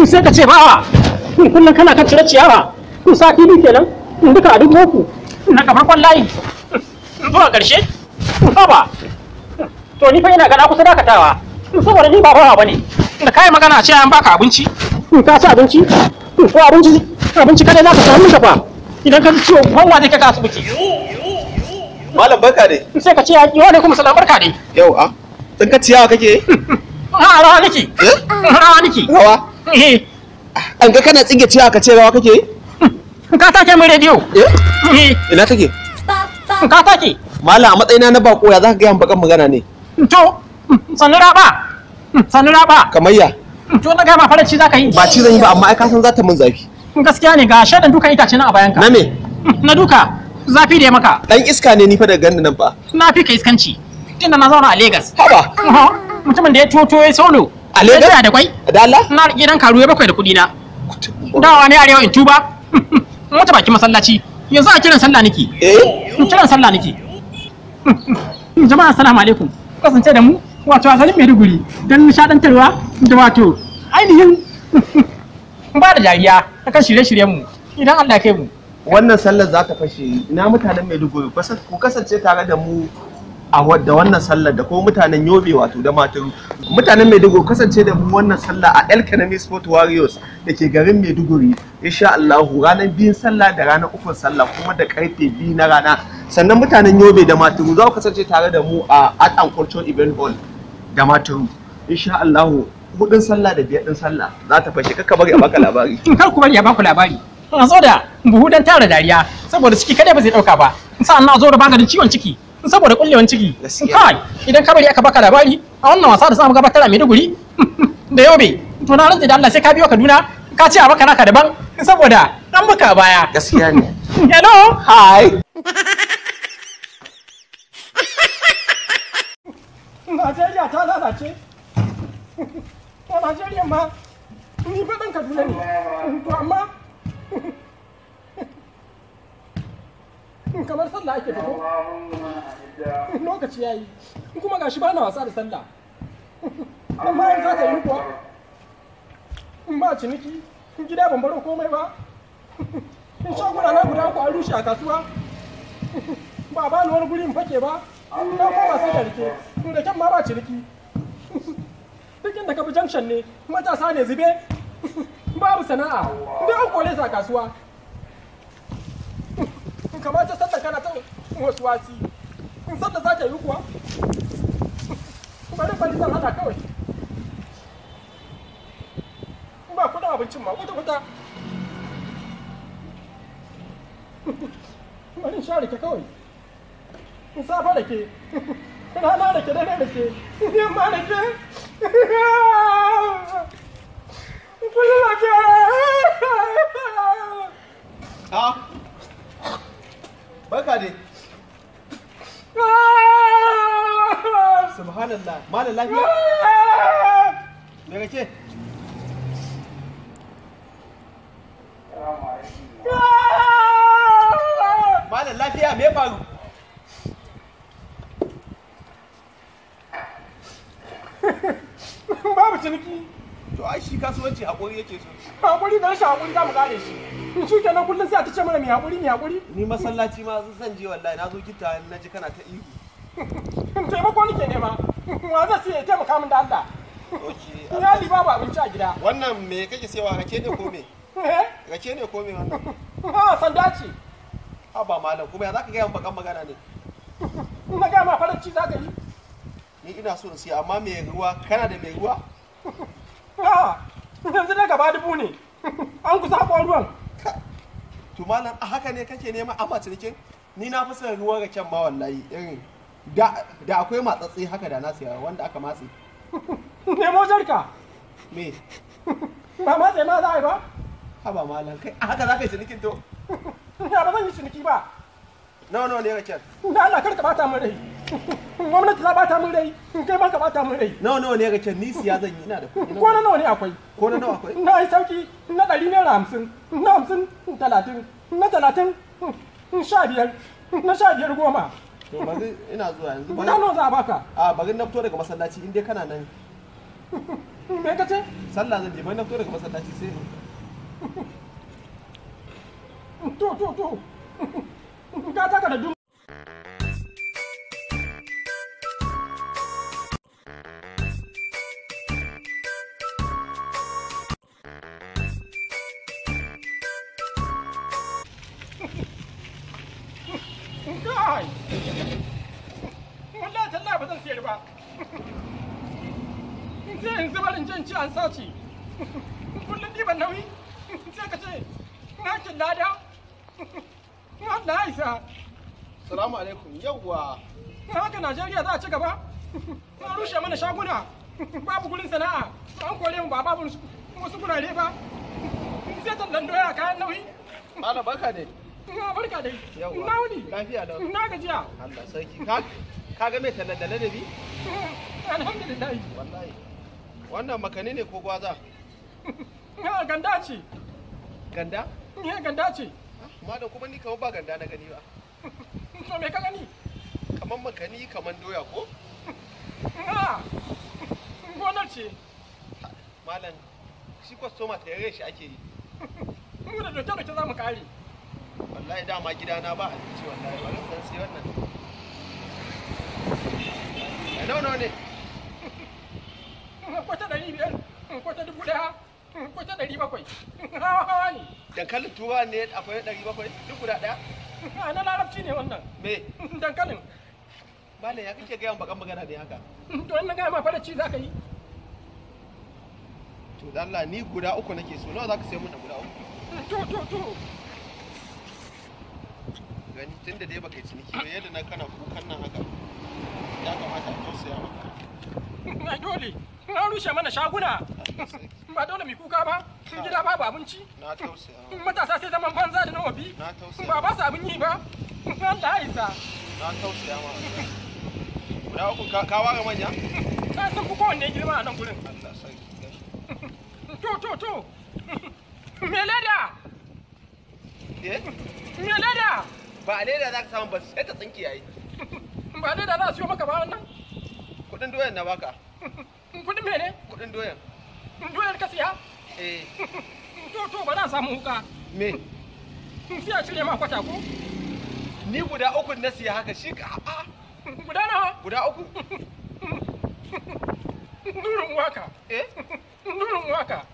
duk sai ka ce bawa in kullum kana kan cire ciyawa in sa fili kenan in duka a duk boku na kamar kwallayi in zuwa karshe in saba to ni fa ina gana kusa dakatawa saboda ni ba bawa bane da kai magana ce an baka abinci in ka ci abinci ko abinci abinci kada za ka samu ka fa idan ka ciwo hawa zai ka asibiti malam barka dai sai ka ce ya wa kuma salam barka dai yau a tsinka ciyawa kake a eh? rawa nake rawa nake rawa Eh. an ga kana tsige cewa ka ce rawa kake yi hmm. ka take mai rediyo eh? Eh. ina take ka take mala a matsayina na bako ya zaka ga yan bakan magana ne hmm, to hmm, sanu raba sanu raba kamayya to na ga ma fara ci zaka yi ba ci zan yi ba amma ai ka san za ta mun zafi gaskiya ne ga shaɗan dukan itace na a bayan ka na me na duka zafi da ya maka dan iska ne ni fa daga ganin nan fa na fi ka iskanci tunda na zauna a Legas haba mutumin da ya toto ya solo a Lagos da kwai da Allah na gidan karuwa bakwai da kudi na dawa ne arewa in tuba mota baki masallaci yanzu a kiran sallah nake eh kiran sallah nake jama'a assalamu alaikum kasance da mu wato a asalin Maiduguri don nishadantarwa da wato ainihin ba da jariya ta kan shirye-shiryenmu idan Allah ya kai mu wannan sallar za ta fashe ina mutanen Maiduguri ku kasance tare da mu a da wannan sallar da kuma mutanen yobe wato da maturu mutanen maiduguri kasance da mu wannan sallah a el kanami sport warriors da ke garin maiduguri insha allahu ranar biyun sallah da ranar ukun sallah kuma da karfe biyu na rana sannan mutanen yobe da maturu za ku kasance tare da mu a art and culture event hall da maturu insha allahu hudun sallah da biyar din sallah za ta fashe kakka bari a baka labari kar ku bari a baku labari na zo da buhu dan tara dariya saboda ciki kada ba zai dauka ba sa'an na zo da maganin ciwon ciki saboda kullewan ciki kai idan kabari aka baka labari a wannan wasa da samu gabatar a Maiduguri da Yobe to na rantsi da Allah sai ka biyo Kaduna ka ce a baka naka daban saboda dan baka baya gaskiya ne hello hi Najeriya ta lalace Najeriya ma ni ba dan Kaduna ne to amma kamar sallah ake fito lokaci yayi kuma gashi ba na wasa da sallah dan bayan za ka yi kuwa ba ciniki gida ban baro komai ba in na guda ku a rushe a kasuwa ba ba ni wani guri in fake ba na koma sai da rike da kyan ma ba ciniki duk da ka bi junction ne matasa ne zube babu sana'a dai an kore su a kasuwa in kamata sanda kana ta wasu wasi in sanda za ta yi kuwa bari bari zan hada kawai ba abincin ma kuta kuta bari in kawai in safa rana dare Ah. barka dai ah! subhanallah malam lafiya ah! me kake ah! malam lafiya me faru to ai shi kasuwanci hakuri yake so hakuri da shi hakuri za mu kare shi shi kenan kullum sai a ta ce mana mai hakuri mai hakuri ni masallaci ma sun san je wallahi na zo gita na ji kana ta ihu taimako nake nema wa zai sai ya taimaka min da Allah iyali babu abinci a gida wannan me kake sayawa rake ne ko me eh? rake ne ko me wannan ha ah, sanda ce ha ba malam kuma ya zaka gaya yan bakan magana ne na gaya ma farin ci zaka yi ni ina so in siya amma mai ruwa kana da mai ruwa yanzu da gaba dubu ne an kusa haƙon ruwan to malam a haka ne kake neman amma cinikin ni na fi son ruwan raken ma wallahi irin da akwai matsatsi haka da na siya wanda aka matse nemo jarka me ba matse ma za a yi ba haba malam kai a haka za ka yi cinikin to ya ba zan yi ciniki ba nawa nawa ne raken na Allah kar ka bata mu rai gwamnati ta bata min rai kai ma ka bata min rai nawa nawa ne kake ni ya zan yi ina da kuɗi ko na nawa ne akwai ko na nawa akwai na yi sauki na ɗari naira hamsin na hamsin talatin na talatin sha biyar na sha biyar goma to bari ina zuwa yanzu bari nawa za a baka a bari na fito daga masallaci in dai kana nan me kace sallah zan je bari na fito daga masallaci sai to to to ci an sace kullum ɗiban nauyi sai ka ce nakin lada na isa salamu alaikum yawwa haka najeriya za a ci gaba an rushe mana shaguna babu gurin sana'a an kore mu ba babu wasu gurare ba sai tallan doya kayan nauyi ana barka dai na barka dai na wuni lafiya da na gajiya Allah sarki ka ga mai tallan da ladabi alhamdulillah wallahi Wannan makani ne ko gwaza? Ya eh, ganda ce. Ganda? Ya eh, ganda ce. da kuma ni kama ba ganda na gani ba. To me ka gani? Kamar makani kamar doya ko? Ah! Gonar ce. Malam shi kwastoma ta yare shi ake yi. Mu da doke-doke za mu kare. Wallahi dama gidana ba abinci wallahi. Bari san sai wannan. Nawa nawa ne? ko ta ɗari biyar ko ta dubu ɗaya ko ta ɗari bakwai hawa hawa ne dankalin tuwa ne akwai ɗari bakwai duk guda ɗaya na larabci ne wannan me dankalin malam ya kake gaya bakan magana ne haka to wannan gaya ma fara ci za ka yi to da ni guda uku nake so nawa za ka sayi mun da guda uku to to to gani tunda dai baka yi ciniki ba yadda na kana kukan nan haka ya kamata a tausaya maka na dole an rushe mana shaguna ba dole mu kuka ba gida babu abinci matasa sai zaman banza da nawa nawabi ba ba su abin yi ba an da isa na tausaya ma guda uku ka waga manya ka san ku kowanne girma a nan gurin to to to me leda eh? me leda ba leda za ka samu ba sai ta tsinki yayi ba leda za su yi maka ba wannan kudin doyan na baka kudin mene kudin doyan doyan ka siya eh to to ba zan samu huka. me sai siya cire ma kwata ko ni guda uku na siya haka shi ka a guda nawa guda uku Nurun waka eh Nurun waka